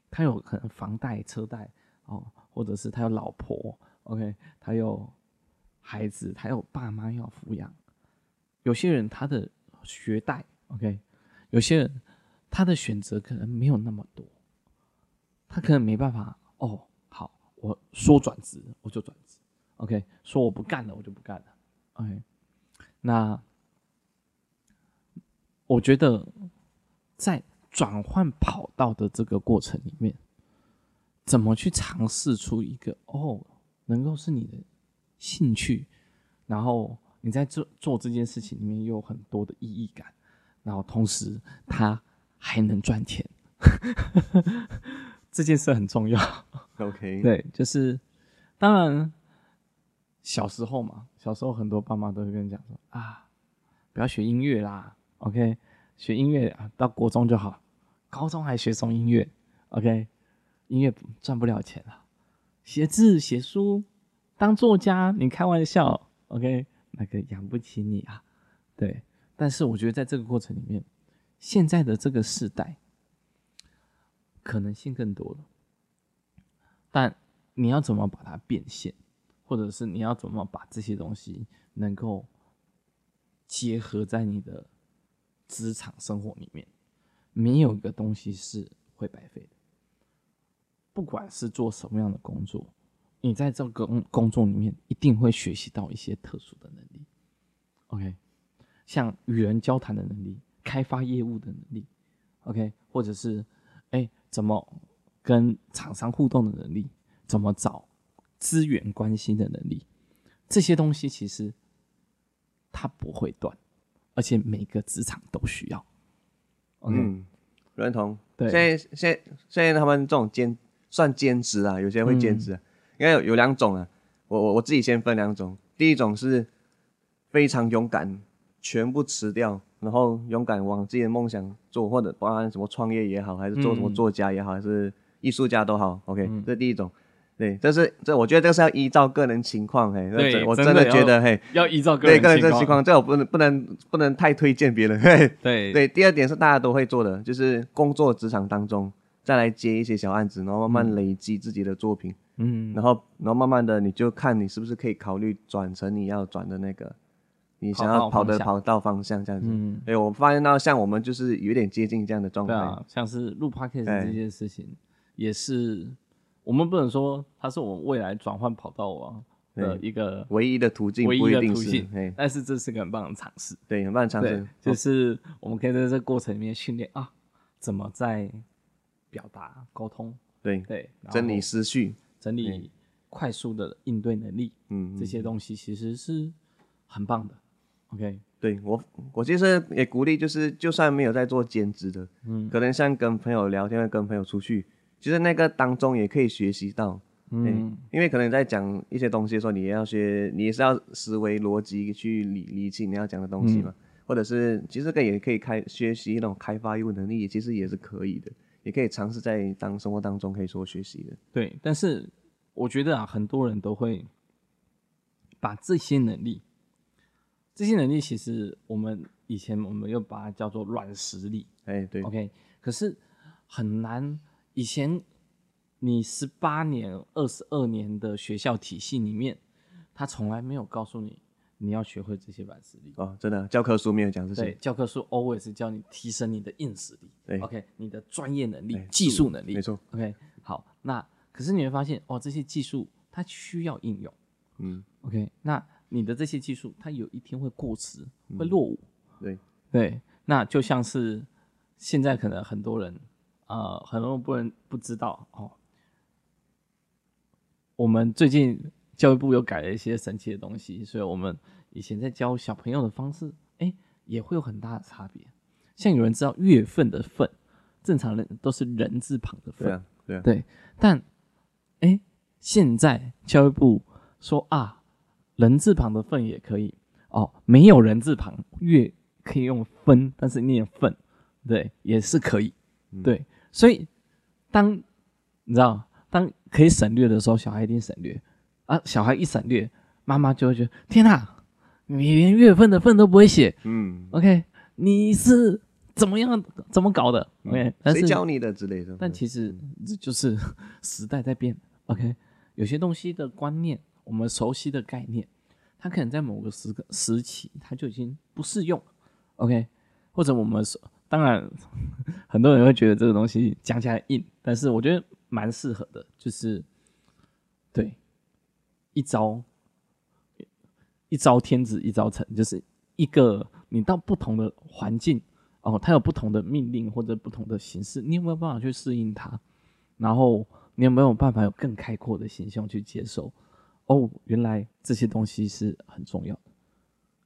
他有可能房貸、車貸哦，或者是他有老婆，OK，他有孩子，他有爸媽要撫養。有些人他的學貸，OK，有些人他的選擇可能沒有那麼多，他可能沒辦法哦。好，我說轉職我就轉職，OK，說我不幹了我就不幹了，OK。那我覺得在。轉換跑道的這個過程裡面，怎麼去嘗試出一個哦，能夠是你的興趣，然後你在做做這件事情裡面又有很多的意義感，然後同時它還能賺錢， 這件事很重要。OK，對，就是當然小時候嘛，小時候很多爸媽都會跟你講說啊，不要學音樂啦，OK，學音樂啊到國中就好。高中還學什麼音樂？OK，音樂賺不了錢了。寫字、寫書、當作家，你開玩笑？OK，那個養不起你啊。對，但是我覺得在這個過程裡面，現在的這個世代，可能性更多了。但你要怎麼把它變現，或者是你要怎麼把這些東西能夠結合在你的職場生活裡面？沒有一個東西是會白費的，不管是做什麼樣的工作，你在這個工工作裡面一定會學習到一些特殊的能力。OK，像與人交談的能力、開發業務的能力，OK，或者是哎怎麼跟廠商互動的能力、怎麼找資源關心的能力，這些東西其實它不會斷，而且每個職場都需要。Okay. 嗯，認同。對，現在、現、現在他們這種兼算兼職啊，有些人會兼職，啊，應該、嗯、有有兩種啊。我、我、我自己先分兩種，第一種是非常勇敢，全部辭掉，然後勇敢往自己的夢想做，或者包含什麼創業也好，還是做什麼作家也好，嗯、還是藝術家都好。OK，嗯、這第一種。對，但是這我覺得這是要依照個人情況，嘿，對，我真的覺得嘿，要依照個人對個人這情況，這我不能不能不能太推薦別人，嘿，對對。第二點是大家都會做的，就是工作職場當中再來接一些小案子，然後慢慢累積自己的作品，嗯，然後然後慢慢的你就看你是不是可以考慮轉成你要轉的那個，你想要跑的跑道方向這樣子。嗯，哎，我發現到像我們就是有點接近這樣的狀態，像是錄 podcast 這件事情也是。我們不能說它是我們未來轉換跑道啊的一個唯一的途徑，唯一的途徑。不一定是，但是這是個很棒的嘗試，對，很棒的嘗試。就是我們可以在這個過程裡面訓練啊，怎麼在表達、溝通，對對，對整理思緒、整理快速的應對能力，嗯，這些東西其實是很棒的。嗯、OK，對我，我其實也鼓勵，就是就算沒有在做兼職的，嗯，可能像跟朋友聊天，會跟朋友出去。其實那個當中也可以學習到，嗯、欸，因為可能你在講一些東西的時候，說你要學，你也是要思維邏輯去理理清你要講的東西嘛，嗯、或者是其實這個也可以開學習那種開發業務能力，其實也是可以的，也可以嘗試在當生活當中可以說學習的。對，但是我覺得啊，很多人都會把這些能力，這些能力其實我們以前我們又把它叫做軟實力，哎、欸，對，OK，可是很難。以前你十八年、二十二年的學校體系裡面，他從來沒有告訴你你要學會這些軟實力哦，真的、啊、教科書沒有講這些，教科書 always 教你提升你的硬實力，對、欸，OK，你的專業能力、欸、技術能力，沒錯，OK，好，那可是你會發現哦，這些技術它需要應用，嗯，OK，那你的這些技術它有一天會過時，會落伍，嗯、對，對，那就像是現在可能很多人。啊、呃，很多人不能不知道哦。我們最近教育部又改了一些神奇的東西，所以我們以前在教小朋友的方式，哎、欸，也會有很大的差別。像有人知道月份的“份”，正常人都是人字旁的“份”，對，啊對，啊、對，但、欸、現在教育部說啊，人字旁的“份”也可以哦，沒有人字旁“月”可以用“分”，但是念“份”，對，也是可以，嗯、對。所以，當你知道當可以省略的時候，小孩一定省略啊。小孩一省略，媽媽就會覺得天哪，你連月份的份都不會寫。嗯，OK，你是怎麼樣怎麼搞的、嗯？OK，但是誰教你的之類的？但其實就是時代在變。嗯、OK，有些東西的觀念，我們熟悉的概念，它可能在某個時時期，它就已經不適用。OK，或者我們說當然，很多人會覺得這個東西講起來硬，但是我覺得蠻適合的，就是對一朝一朝天子一朝臣，就是一個你到不同的環境哦，它有不同的命令或者不同的形式，你有沒有辦法去適應它？然後你有沒有辦法有更開闊的形象去接受？哦，原來這些東西是很重要的。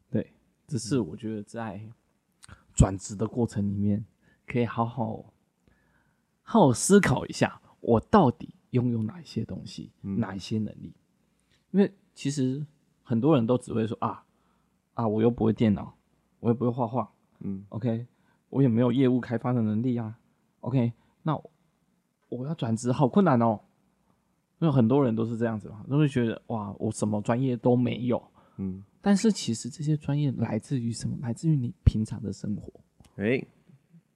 對，這是我覺得在。嗯轉職的過程裡面，可以好好、好好思考一下，我到底擁有哪一些東西，哪一些能力？嗯、因為其實很多人都只會說啊啊，我又不會電腦，我又不會畫畫，嗯，OK，我也沒有業務開發的能力啊，OK，那我要轉職好困難哦。因為很多人都是這樣子嘛，都會覺得哇，我什麼專業都沒有，嗯。但是其實這些專業來自於什麼？來自於你平常的生活。哎、欸，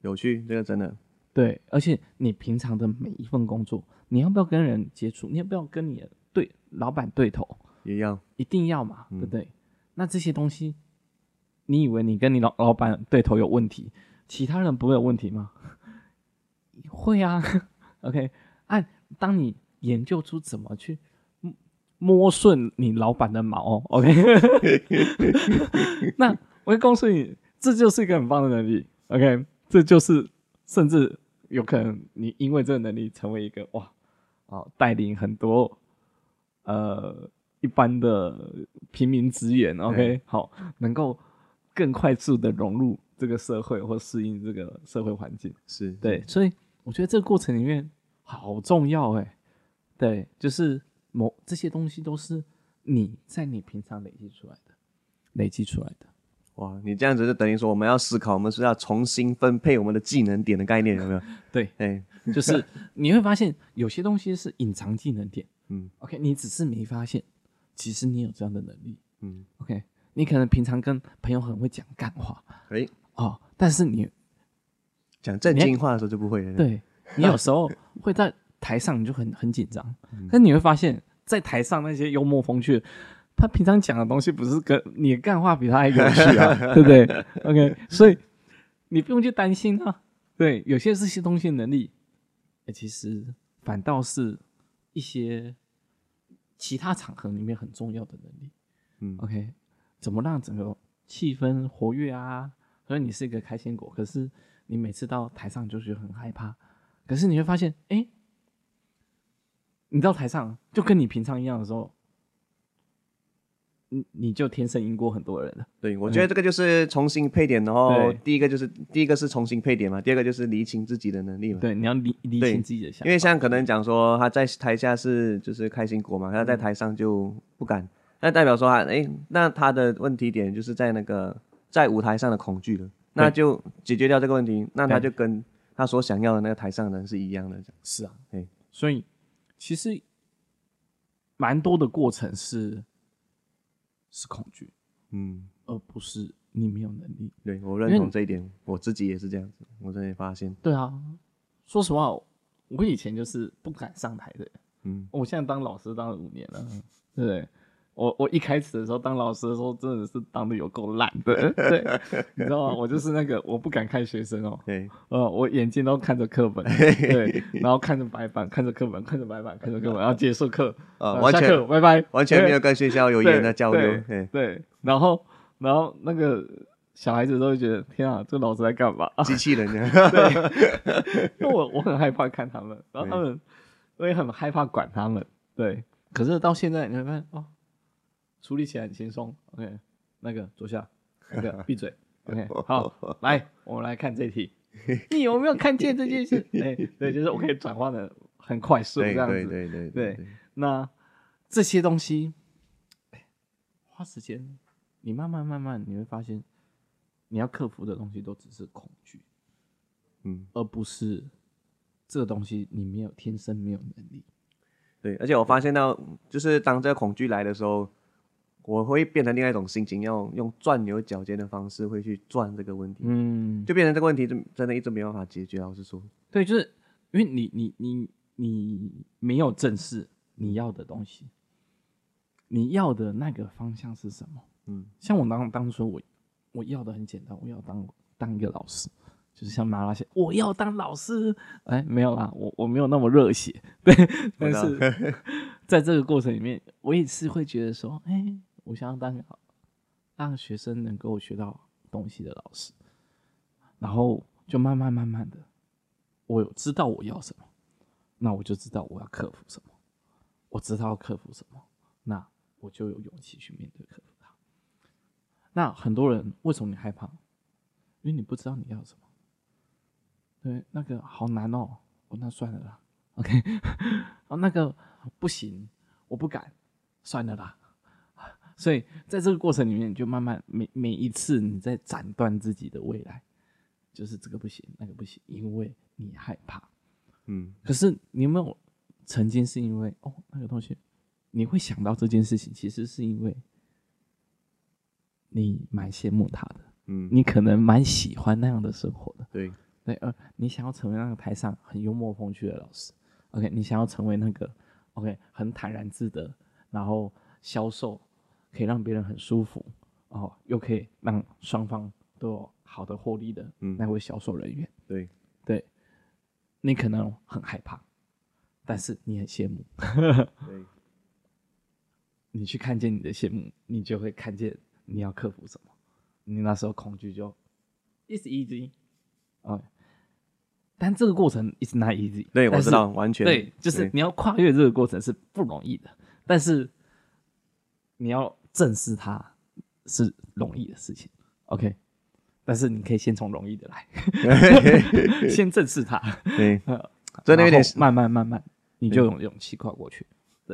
有趣，這個真的。對，而且你平常的每一份工作，你要不要跟人接觸？你要不要跟你的對老闆對頭？也要，一定要嘛，嗯、對不對，對？那這些東西，你以為你跟你老老闆對頭有問題，其他人不會有問題嗎？ 會啊。 OK，啊，當你研究出怎麼去摸順你老板的毛，OK？ 那我告訴你，這就是一個很棒的能力，OK？這就是甚至有可能你因為這個能力成為一個哇啊，哦、帶領很多呃一般的平民職員，OK？對好，能夠更快速的融入這個社會或適應這個社會環境，是對，所以我覺得這個過程裡面好重要、欸，誒。對，就是。某這些東西都是你在你平常累積出來的，累積出來的。哇，你這樣子就等於說我們要思考，我們是要重新分配我們的技能點的概念，有沒有？ 對，哎嘿，就是你會發現有些東西是隱藏技能點，嗯，OK，你只是沒發現，其實你有這樣的能力，嗯，OK，你可能平常跟朋友很會講幹話，哎、嗯，哦，但是你講正經話的時候就不會了，你對你有時候會在。 台上你就很很緊張，但是你會發現，在台上那些幽默風趣，他平常講的東西不是跟你幹話比他還有趣啊， 對不對？OK，所以你不用去擔心啊。對，有些這些東西能力、欸，其實反倒是一些其他場合裡面很重要的能力。嗯，OK，怎麼讓整個氣氛活躍啊？所以你是一個開心果，可是你每次到台上就是很害怕，可是你會發現，哎、欸。你到台上就跟你平常一樣的時候，你你就天生贏過很多人了。對，我覺得這個就是重新配點，然後第一個就是第一個是重新配點嘛，第二個就是釐清自己的能力嘛。對，你要理理清自己的想法。想。因為像可能講說他在台下是就是開心果嘛，他在台上就不敢，嗯、那代表說他誒、欸，那他的問題點就是在那個在舞台上的恐懼了。嘿那就解決掉這個問題，那他就跟他所想要的那個台上的人是一樣的。對樣是啊，哎嘿，所以。其實，蠻多的過程是是恐懼，嗯，而不是你沒有能力。對，我認同這一點，為我自己也是這樣子，我這裡發現。對啊，說實話，我以前就是不敢上台的，嗯，我現在當老師當了五年了，嗯、對。我我一開始的時候當老師的時候，真的是當的有夠爛的，對，你知道嗎？我就是那個我不敢看學生哦，對，呃，我眼睛都看着課本，對，然後看着白板，看着課本，看着白板，看着課本，然後結束課，啊，完全拜拜，完全沒有跟學校有言的交流，對，然後然後那個小孩子都會覺得天啊，這老師在幹嘛？機器人，因為我我很害怕看他們，然後他們我也很害怕管他們，對，可是到現在你看哦。處理起來很輕鬆，OK，那個坐下，那個閉 嘴，OK，好，來，我們來看這題，你有沒有看見這件事？哎、 欸，對，就是我可以轉換的很快速，這樣子，對對對對，對對對對。對，那這些東西，欸、花時間，你慢慢慢慢你會發現，你要克服的東西都只是恐懼，嗯，而不是這東西你沒有天生沒有能力。對，而且我發現到，就是當這個恐懼來的時候。我會變成另外一種心情，要用鑽牛角尖的方式會去鑽這個問題，嗯，就變成這個問題，真真的一直沒有辦法解決，老實說，對，就是因為你，你，你，你沒有正視你要的東西，你要的那個方向是什麼？嗯，像我當當初我我要的很簡單，我要當當一個老師，就是像麻辣鮮，我要當老師，哎、欸，沒有啦，我我沒有那麼熱血，對，知但是 在這個過程裡面，我也是會覺得說，哎、欸。我想當個讓學生能夠學到東西的老師，然後就慢慢慢慢的，我有知道我要什麼，那我就知道我要克服什麼，我知道要克服什麼，那我就有勇氣去面對克服他。那很多人為什麼你害怕？因為你不知道你要什麼，對，對那個好難哦，我那算了啦 OK 哦那個不行，我不敢，算了啦。所以在這個過程裡面，你就慢慢每每一次你在斬斷自己的未來，就是這個不行，那個不行，因為你害怕。嗯，可是你有沒有曾經是因為哦那個東西，你會想到這件事情，其實是因為你蠻羨慕他的，嗯，你可能蠻喜歡那樣的生活的，對、嗯、對，呃，你想要成為那個臺上很幽默風趣的老師，OK，你想要成為那個 OK 很坦然自得，然後銷售。可以讓別人很舒服，然後，哦，又可以讓雙方都有好的獲利的那位銷售人員，嗯、對對，你可能很害怕，但是你很羨慕， 對你去看見你的羨慕，你就會看見你要克服什麼，你那時候恐懼就，It's easy，哦，但這個過程 it's not easy，對，是我知道，完全對，就是你要跨越這個過程是不容易的，對但是你要。正視它是容易的事情，OK。但是你可以先從容易的來， 先正視它。 對，真的有點慢慢慢慢，你就有勇氣跨過去。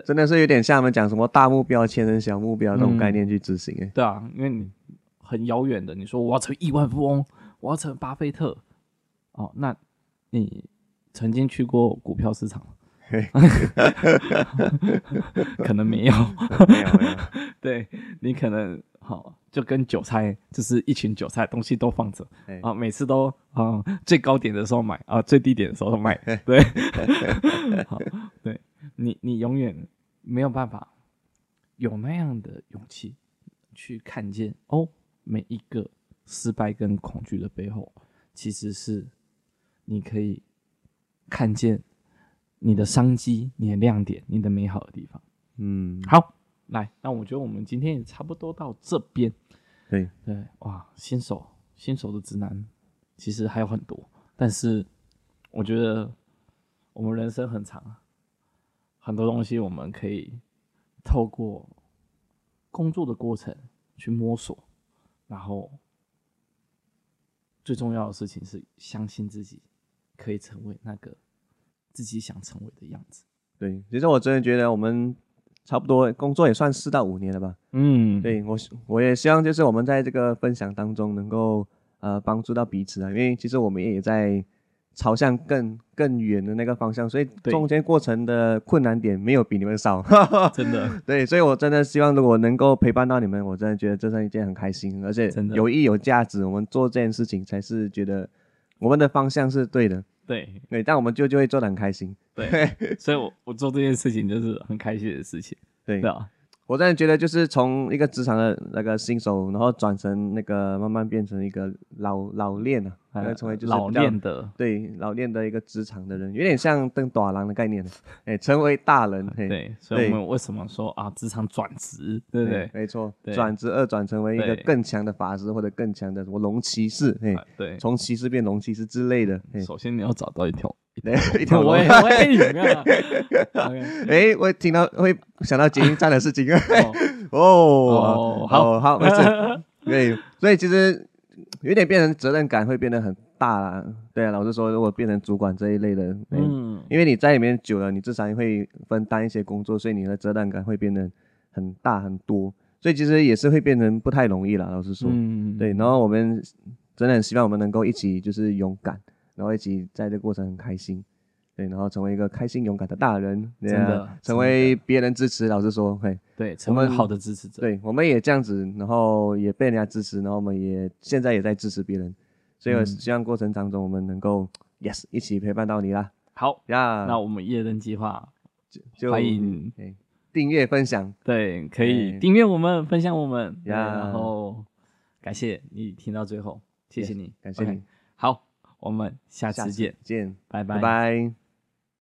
真的是有點像我們講什麼大目標切成小目標那種概念，去執行，嗯。對啊，因為你很遙遠的，你說我要成億萬富翁，我要成巴菲特，哦。那你曾經去過股票市場 可能沒有 對，沒有沒有。對你可能好，就跟韭菜，就是一群韭菜，東西都放着啊，每次都、嗯、最高點的時候買啊，最低點的時候賣。對，好，對你，你永遠沒有辦法有那樣的勇氣去看見哦，每一個失敗跟恐懼的背後，其實是你可以看見。你的商機，你的亮點，你的美好的地方，嗯，好，來，那我覺得我們今天也差不多到這邊，對以對，哇，新手，新手的指南其實還有很多，但是我覺得我們人生很長啊，很多東西我們可以透過工作的過程去摸索，然後最重要的事情是相信自己可以成為那個。自己想成為的樣子。對，其實我真的覺得我們差不多工作也算四到五年了吧。嗯，對，我我也希望就是我們在這個分享當中能夠呃幫助到彼此啊，因為其實我們也在朝向更更遠的那個方向，所以中間過程的困難點沒有比你們少。對 真的，對，所以我真的希望如果能夠陪伴到你們，我真的覺得這是一件很開心，而且有意有價值。的我們做這件事情才是覺得我們的方向是對的。對對，但我們就就會做得很開心，對， 所以我我做這件事情就是很開心的事情，對，對啊。我真的覺得，就是從一個職場的那個新手，然後轉成那個慢慢變成一個老老練啊，然後成為就是老練的，對老練的一個職場的人，有點像轉大人的概念，哎，成為大人，哎啊、對，所以我們為什麼說對啊，職場轉職，對不對、哎？沒錯，對轉職二轉成為一個更強的法師或者更強的什麼龍騎士，嘿、哎啊，對，從騎士變龍騎士之類的。哎、首先你要找到一條。對，我也，我也一樣。哎，我聽到會想到捷運站的事情啊。 哦，好、哦哦、好，沒事。 對，所以其實有點變成責任感會變得很大啦。對啊，老實說，如果變成主管這一類的，嗯，因為你在裡面久了，你至少會分擔一些工作，所以你的責任感會變得很大很多。所以其實也是會變成不太容易了。老實說，對，然後我們真的很希望我們能夠一起就是勇敢，然後一起在這個過程很開心，對，然後成為一個開心勇敢的大人，真的，成為別人支持。老實說，嘿，對，成為好的支持者。對，我們也這樣子，然後也被人家支持，然後我們也現在也在支持別人，所以我希望過程當中我們能夠，yes，一起陪伴到你啦。好，呀，那我們夜燈計劃就就歡迎訂閱分享，對，可以訂閱我們，分享我們，然後感謝你聽到最後，謝謝你，感謝你。我們下次見，下次見，拜拜。拜拜。